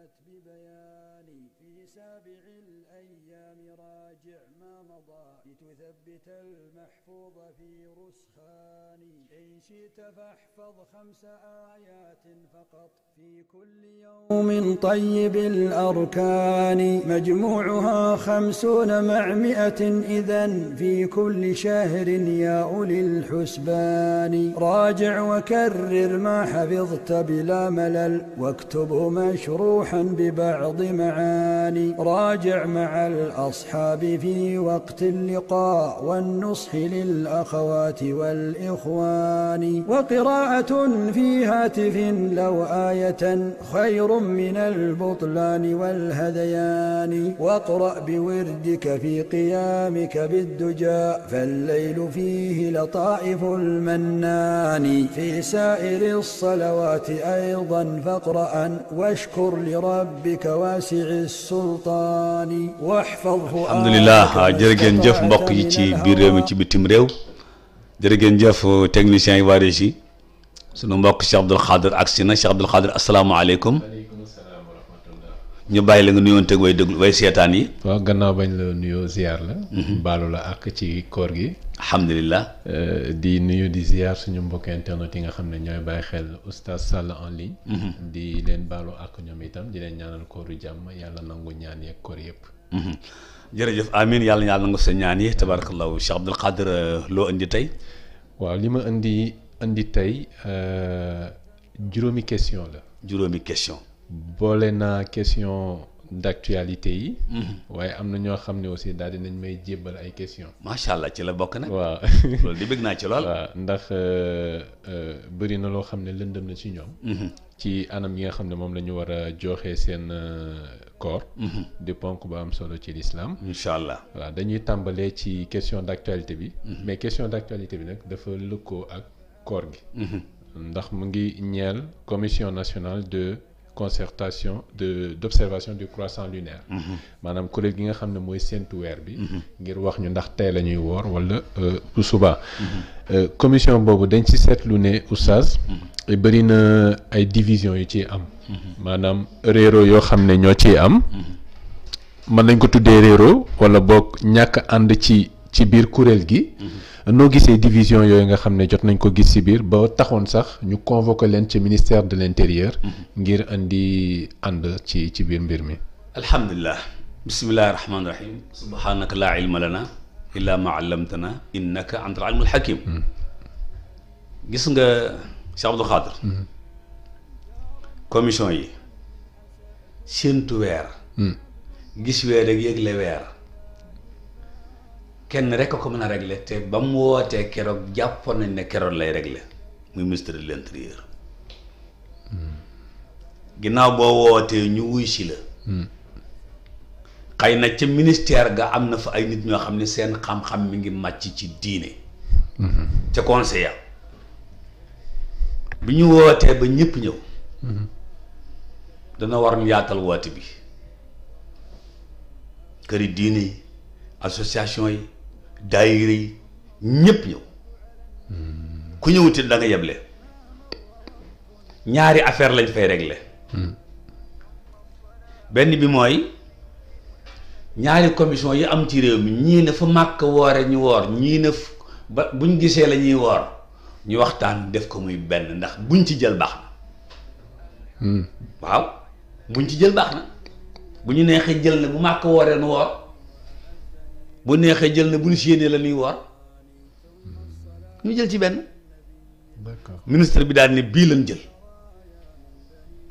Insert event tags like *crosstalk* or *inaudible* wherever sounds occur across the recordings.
جاءت ببيان سابع الأيام راجع ما مضى لتثبت المحفوظ في رسخان إن شئت فاحفظ خمس آيات فقط في كل يوم طيب الأركان مجموعها خمسون مع مئة إذا في كل شهر يا أولي الحسبان راجع وكرر ما حفظت بلا ملل واكتبه مشروحا ببعض معاني العمل راجع مع الأصحاب في وقت اللقاء والنصح للأخوات والإخوان وقراءة في هاتف لو آية خير من البطلان والهذيان واقرأ بوردك في قيامك بالدجى فالليل فيه لطائف المنان في سائر الصلوات أيضا فاقرأ واشكر لربك واسع السلطان alhamdulilah jërë ngeen jëf mbokk yi ci biir réew mi ci bitim réew jërë ngeen jëf uh, techniciens yi waa Régis sunu mbokk Cheikh Abdoul Khadir agsi na Cheikh Abdoul Khadir asalaamaaleykum ñu bàyyi la nga nuyoon teg way déglu way seetaan yi. waaw gannaaw bañ la nuyoo ziar la. Mhm. baalu la ak ci koor gi. alhamdulilah. Euh, di nuyu di ziar suñu mbokk internet yi nga xam ne ñooy bàyyi xel oustaz Sall en ligne. Mm-hmm. di leen baalo ak ñoom itam di leen ñaanal kooru jàmm yàlla nangu ñaan yeeg koor yëpp. Mm-hmm. jërëjëf amin yàlla yàlla nangu sa ñaan yi tabarakallahu Cheikh Abdoul Qadir euh, loo indi tey. waaw li ma indi indi tey euh, juróomi question la. juróomi question. boole naa question. d'actualité yi. Mhm. waaye am na ñoo xam ne aussi daal dinañ may jébbal ay question macha allah ci la bokk nag. waa *laughs* loolu di bëgg naa ci lool. waaw ndax euh, euh, bëri na loo xam ne lëndëm na ci ñoom. Mhm. ci anam yi nga xam ne moom la ñu war a joxe seen euh, corps. di ponk ba am solo ci lislaam. incha allah waaw dañuy tàmbalee ci question d'actualité bi. Mhm. mais question d'actualité bi nag dafa lëkkoo ak corps gi. ndax mu ngi ñeel commission nationale de. concertation de d' observation du croissant lunaire. Mhm. maanaam kuréel gi nga xam ne mooy séntu weer bi. Mhm. ngir wax ñu ndax tey la ñuy woor wala bu euh, suba. Mhm. Euh, commission boobu dañ ci seetlu ne oustaz. bëri na ay division yu ci am. maanaam réero yoo xam ne ñoo ci am. mën nañ ko tuddee réero wala boog ñàkk ànd ci ci biir kuréel gi. noo gisee division yooyu nga xam ne jot nañ ko gis ci biir ba taxoon sax ñu convoqué leen ci ministère de l'intérieur mm-hmm. ngir indi ànd ci ci biir mbir mi alhamdulilah bismillahi rahmaani rahim subhanaka laa ilma lana illaa ma allamtana innaka antal alimul hakim mm. gis nga Cheikh Abdou Khadre mm-hmm. commission yi séentu weer mm. gis weer ak yëgle weer kenn rek a ko mën a régler te ba mu wootee keroog jàppoon nañ ne keroog lay régler muy ministre de l'intérieur hmm. ginnaaw boo wootee ñu wuy si la hmm. xëy na ca ministère ga am na fa ay nit ñoo xam ne seen xam-xam mi ngi màcc ci diine hmm. ca conseiller bi ñu wootee ba ñëpp ñëw dana war ñu yaatal woote bi këri diine yi association yi daayira yi ñëpp ñëw ku ñëwutit da nga yeble ñaari affaire lañ fay réglé benn bi mooy ñaari commission yi am ci réew mi ñii na fa màkk woore ñu woor ñii na ba buñ gisee la ñuy woor ñu waxtaan def ko muy benn ndax buñ ci jël baax na hmm. waaw buñ ci jël baax na bu ñu neexee jël na bu màkk wooree nu woor bu neexee jël na bu ñu si yéenee la ñuy woor ñu jël ci benn. d'accord bi daal ne bii lañ jël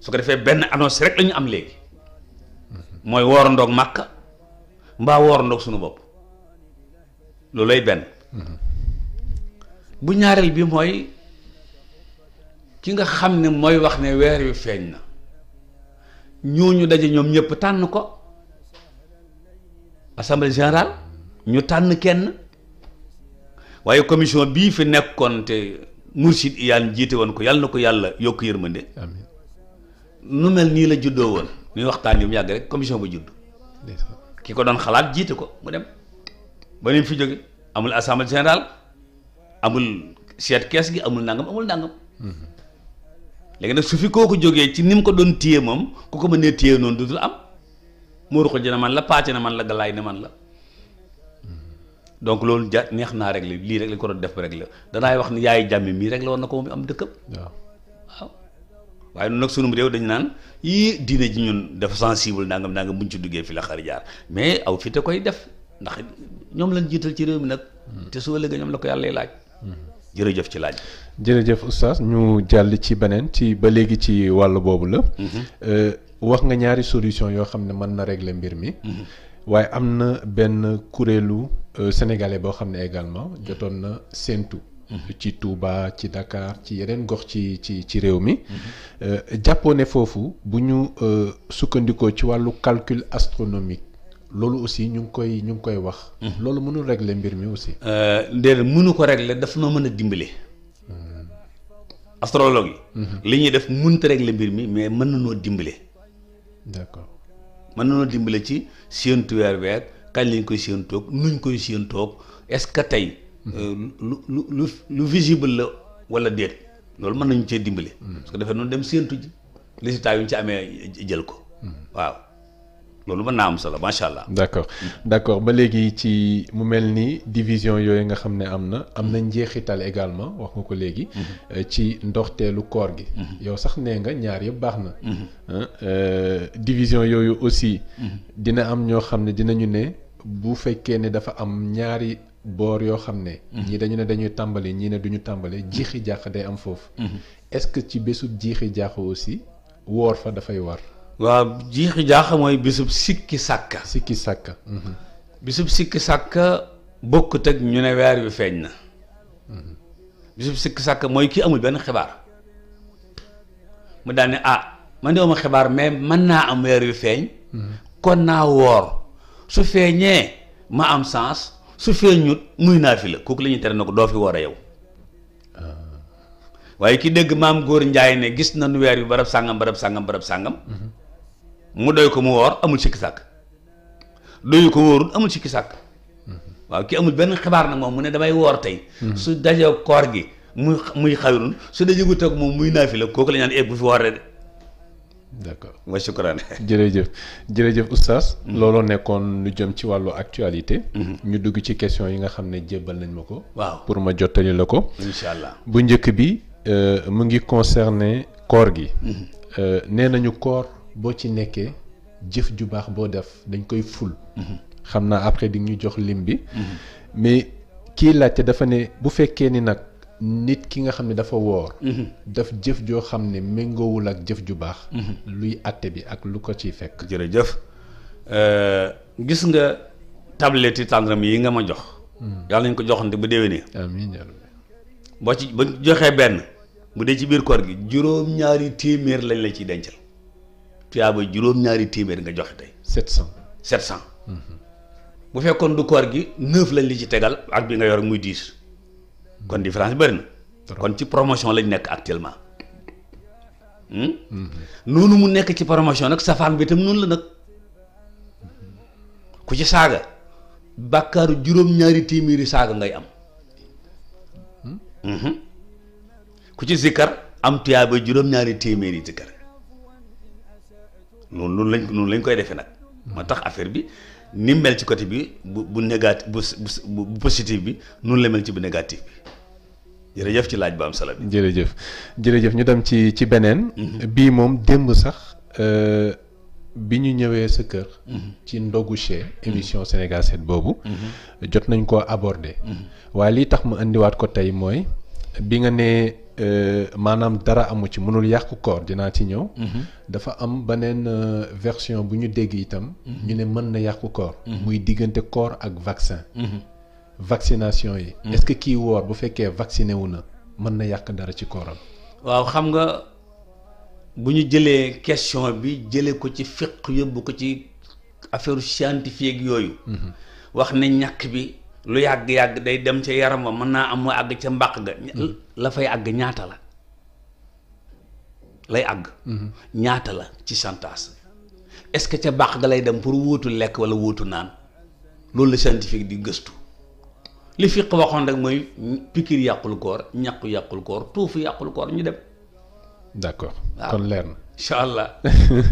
su ko defee benn annonce rek lañu am léegi mooy woor ndoog màkka mbaa woor ndoog suñu bopp loolu lay benn. bu ñaareel bi mooy ki nga xam ne mooy wax ne weer wi feeñ na ñooñu daje ñoom ñëpp tànn ko assemblée générale. ñu tànn kenn waaye commission bii fi nekkoon te Mourchid Iyane jiite woon ko yàlla na ko yàlla yokk yërmande amiin nu mel nii la juddoo woon ñuy waxtaan yi mu yàgg rek commission ba judd ki ko doon xalaat jiite ko mu dem ba ni fi jóge amul assemblée générale amul seet kees gi amul nangam amul nangam mhm. léegi nag su fi kooku jógee ci ni mu ko doon téye moom ku ko mënee téye noonu dudul am muuru ko na man la pàcc na man la galaay ne man la donc loolu ja neex naa réglé lii rek lañ ko doon def rek la danaay wax ni yaay jàmmi mii la war na ko moom am dëkkam. waaw waaw. waaye nag sunum réew dañu naan yi diine ji ñun dafa sensible nangam nangam buñ ci duggee fi la xar jaar mais aw fi te koy def ndax ñoom lañ jiital ci réew mi nag. Hmm. te su ëllëgee ñoom la ko yàlla laaj. Hmm. jërëjëf ci laaj. jërëjëf oustaz ñu jàll ci beneen ci ba léegi ci wàll boobu la. Hmm. Euh, wax nga ñaari solution yoo xam ne mën na régler mbir mi. waaye am na benn kuréelu euh, sénégalais boo xam ne également jotoon na séentu. Mm-hmm. ci tuuba ci Dakar ci yeneen gox ci ci ci réew mi. Euh, jàppoo ne foofu bu ñu euh, sukkandikoo ci wàllu calcul astronomique loolu aussi ñu ngi koy ñu ngi koy wax. Mm-hmm. loolu mënul régler mbir mi aussi. ndér mënu ko régler daf noo mën a dimbale. Mm-hmm. astrologue yi. li ñuy def mënut a régler mbir mi mais mën na noo dimbale. d'accord. mën nañoo dimbale ci séentu weer weer kañ lañ koy séentoog nuñ koy séentoog est-ce que tey. Euh, lu lu lu lu visible la wala déet loolu mën nañu cee dimbale. Mm. parce que dafay noonu dem séentu ji résultat ñu ci amee jël ko mm. waaw. loolu mën naa am solo macha allah. d' accord d' ba léegi ci mu mel ni division yooyu nga xam ne am na. am na njeexital également wax nga ko léegi. Mhm. ci ndoxteelu koor gi. Mhm. yow sax nee nga ñaar yëpp baax na. Mhm. Euh, division yooyu aussi. dina am ñoo xam ne dinañu ne bu fekkee ne dafa am ñaari. boor yoo xam ne. ñii dañu ne dañuy tàmbali ñii ne duñu tàmbali jiixi jaax day am foofu. est-ce que ci bésu jiixi jaax aussi woor fa dafay war. waaw jiixi jaax mooy bisub sikki sàkka sikki sàkka mhm. bisub sikki sàkka bokkut ak ñu ne weer yu feeñ na mhm. bisub sikki sàkka mooy kii amul benn xibaar mu daal ne ah man de amul xibaar mais mën naa am weer yu feeñ mhm. kon naa woor su feeñee ma am sens su feeñut muy naa fi la kooku la tere na ko doo fi woor a yow ah. waaye ki dégg maam góor njaay ne gis nañu weer bi barab sàngam barab sàngam barab sàngam mu doy ko mu woor amul sikki sàkk doyu ko wóorul amul sikki sàkk waaw ki amul benn xibaar na moom mu ne damay woor tey hmm. su dajee koor gi muy muy xayrun su dajee gu toog moom muy naafi la kooku bu fi wooree de d'accord wa *laughs* jërëjëf jërëjëf oustaz hmm. looloo nekkoon lu jëm ci wàllu actualité hmm. ñu dugg ci question yi nga xam ne jébbal nañ ma ko waaw pour ma jottali la ko incha allah bu njëkk bi euh, mu ngi concerné koor gi euh, nee nañu koor boo ci nekkee jëf ju baax boo def dañ koy ful. Mhm. xam naa après di ñu jox lim bi. Mhm. mais kii laajte dafa ne bu fekkee ni nag nit ki nga xam ne dafa woor. Mhm. daf jëf joo xam ne méngoowul ak jëf ju baax. luy àtte bi ak lu ko ciy fekk. jërëjëf euh, gis nga tablette yi tàndaram yi nga ma jox. yàlla nañ ko joxante ba déwénee. amiin boo ci ba joxee benn bu dee ci biir kor gi juróom-ñaari téeméer lañ la ciy dencal. tuyaaba juróom-ñaari téeméer nga joxe tey. 700 700. bu fekkoon du koor gi 9 lañ li ci tegal ak bi nga yor muy 10. kon différence bi bëri kon ci promotion lañ nekk actuellement. Hmm? noonu mu nekk ci promotion nag safaan bi itam noonu la nag ku ci saaga bàkkaaru juróom-ñaari téeméeri saaga ngay am. Hmm? Hmm? ku ci zikkar am tuyaaba juróom-ñaari téeméeri zikkar. noonu noonu lañ noonu lañ koy defee nag. moo tax affaire bi ni mel ci côté bi bu bu négatif bu bu positif bi noonu la mel ci bu négatif bi. jërëjëf ci laaj bu am solo bi jërëjëf jërëjëf ñu dem ci ci beneen mhm. bii moom démb sax euh, bi ñu ñëwee sa kër mhm. ci ndogu chez émission Sénégal 7 boobu mhm. jot nañ ko aborder waaye lii tax ma indiwaat ko tey mooy bi nga ne euh, maanaam dara amu ci mënul yàqu koor dinaa ci ñëw. Mhm. dafa am beneen euh, version bu ñu dégg itam. Mhm. ñu ne mën na yàqu koor. Mhm. muy diggante koor ak vaccin. vaccination yi. est-ce que kii woor bu fekkee vacciné wu na mën na yàq dara ci kooram. waaw xam nga bu ñu jëlee question bi jëlee ko ci fiq yóbbu ko ci affaire scientifique yooyu. wax ne ñàkk bi. lu yàgg-yàgg day dem ca yaram wa mën naa am mu àgg ca mbaq ga mm-hmm. la fay àgg ñaata la lay àgg mm-hmm. ñaata la ci chantage est-ce que ca mbàq ga lay dem pour wóotu lekk wala wóotu naan loolu la scientifique di gëstu li fiq waxoon rek mooy pikiir yàqul koor ñaqu yàqul koor tuufu yàqul koor ñu dem d'accord kon leer na incha allah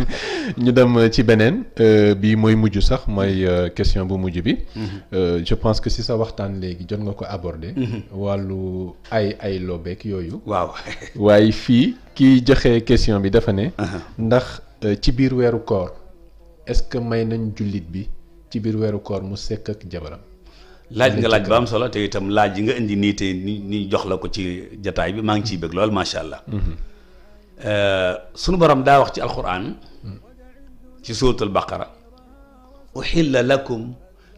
*laughs* ñu dem euh, ci beneen euh, bi mooy mujj sax mooy euh, question bu mujj bi. Mhm. je pense que si sa waxtaan léegi jot nga ko aborde mhm. wàllu ay ay loobeek yooyu. waaw *laughs* waaye fii kiy joxe question bi dafa ne. ndax ci biir weeru koor est-ce que may nañ jullit bi ci biir weeru koor mu sekk ak jabaram. laaj nga laaj ba am solo te itam laaj yi nga indi nii te ni jox la ko ci jataay bi maa ngi ciy bëgg lool macha allah. Mhm. Euh, suñu borom daa wax ci alquran ci suuratul baqara uxilla lakum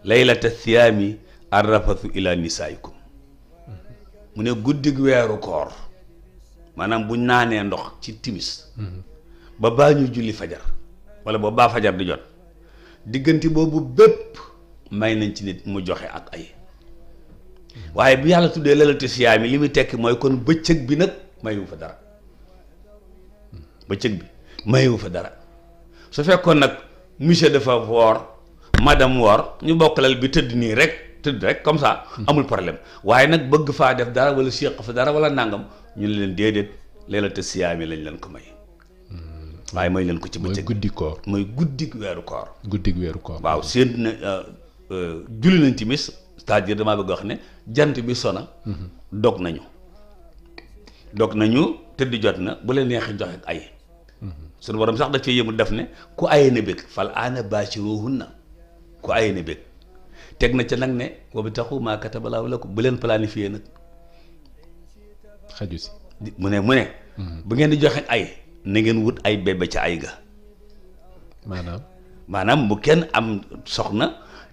laylata siyaami arrafathu ila nisaikum mu ne guddig weeru koor maanaam buñ naanee ndox ci timis ba baa ñu julli fajar wala ba baa fajar di jot diggante boobu bépp may nañ ci nit mu joxe ak ay waaye bi yàlla tuddee lalatu siyaami li muy tekki mooy kon bëccëg bi nag mayu fa dara bëccëg bi mayewu fa dara su fekkoon nag monsieur dafa woor madame woor ñu bokk lal bi tëdd nii rek tëdd rek comme sa amul problème waaye nag bëgg faa def dara wala séq fa dara wala nàngam ñu leen déedéet leela te siyaami lañ leen ko may hmm. waaye may leen ko ci bëccëg mooy guddi koor mooy guddi weeru koor guddi weeru koor waaw seen na euh, euh, julli nañ timis c'est-à-dire bëgg wax ne jant bi sona hmm. dog nañu dog nañu tëdd jot na bu leen neexee joxe ay suñu borom sax daf cee yëmul def ne ku aye na bëgg fal aana baashiruhunna ku aye na bëgg teg na ca nag ne wabtaxu maa kataba Allaahu lakum bu leen planifier nag xaju si mu ne mu ne hmm. ngeen di joxe ay na ngeen wut ay bébé ca ay ga maanaam maanaam bu kenn am soxna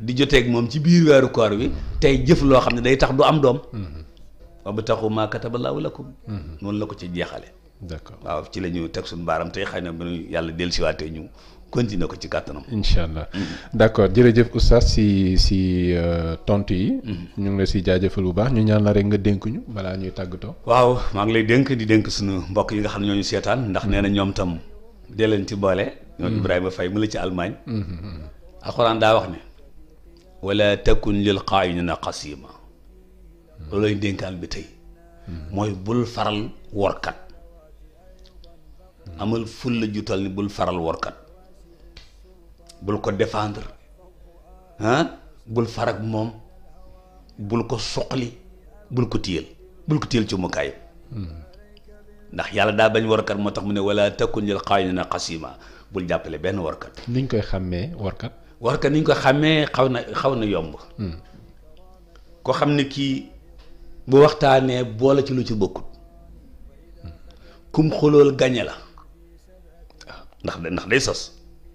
di joteeg moom ci biir weeru koor wi tey jëf loo xam ne day tax du am doom hmm. wabtaxu maa kataba Allaahu lakum hmm. noonu la ko ci jeexale d'accord waaw ci la ñu teg suñu baaram tey xëy na bu ñu yàlla dellusiwaatee ñu continuer ko ci kàttanam. incha allah mm-hmm. d'accord jërëjëf oustaz si si euh, tontu yi. Mm-hmm. ñu ngi la si jaajëfal bu baax ñu ñaan la rek nga dénk ñu balaa ñu tàggatoo. waaw maa ngi lay dénk di dénk suñu mbokk yi nga xam ne ñoo ñu seetaan ndax nee na mm-hmm. ñoom tam dee leen ci boole. ñoom Ibrahima Faye mu la ci Allemagne. alxuraan daa wax ne. wala takun lil yi xasima. loolu lañ dénkaan bi tey. mooy bul faral workat. amal ful la jutal ni bul faral workat bul ko défendre ah bul farak moom bul ko soqli bul ko téyal bul ko téyal ci mukaayam ndax yàlla daa bañ warkat moo tax mu ne wala takkun jël xaayina xasima bul jàppale benn warkat niñ koy xàmmee warkat warkat niñ koy xàmmee xaw na xaw na yomb hmm. koo xam ne kii bu waxtaanee boole ci lu ci bokkut hmm. kum xolool gañe la ndax ndax day sos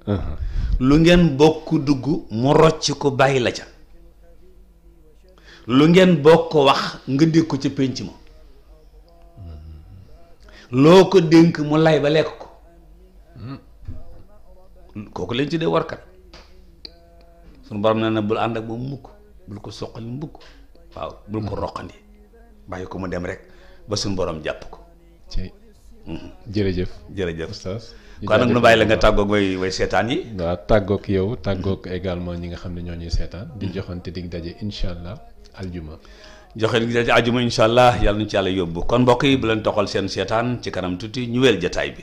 uh-huh. lu ngeen bokk dugg mu rocc ko bàyyi la ca lu ngeen bokk wax nga dégg ko ca pénc ma loo ko dénk mu lay ba lekk ko kooku lañ ci dee warkat sunu borom nee na bul ànd ak moom mukk bul ko soqali mbukk waaw bul ko uh-huh. roqandi bàyyi ko mu dem rek ba sunu boroom jàpp ko jërëjëf jërëjëf oustaz kon nag nu bàyyi la nga tàggoog way way seetaan yi waaw tàggook yow tàggoog également ñi nga xam ne ñoo ñuy seetaan di mm-hmm. joxante dig daje incha allah aljuma joxe dig daje aljuma incha allah yàlla ñu ci yàlla yóbbu kon mbokk yi bu leen toxal seen seetaan ci kanam tuuti ñu wéel jataay bi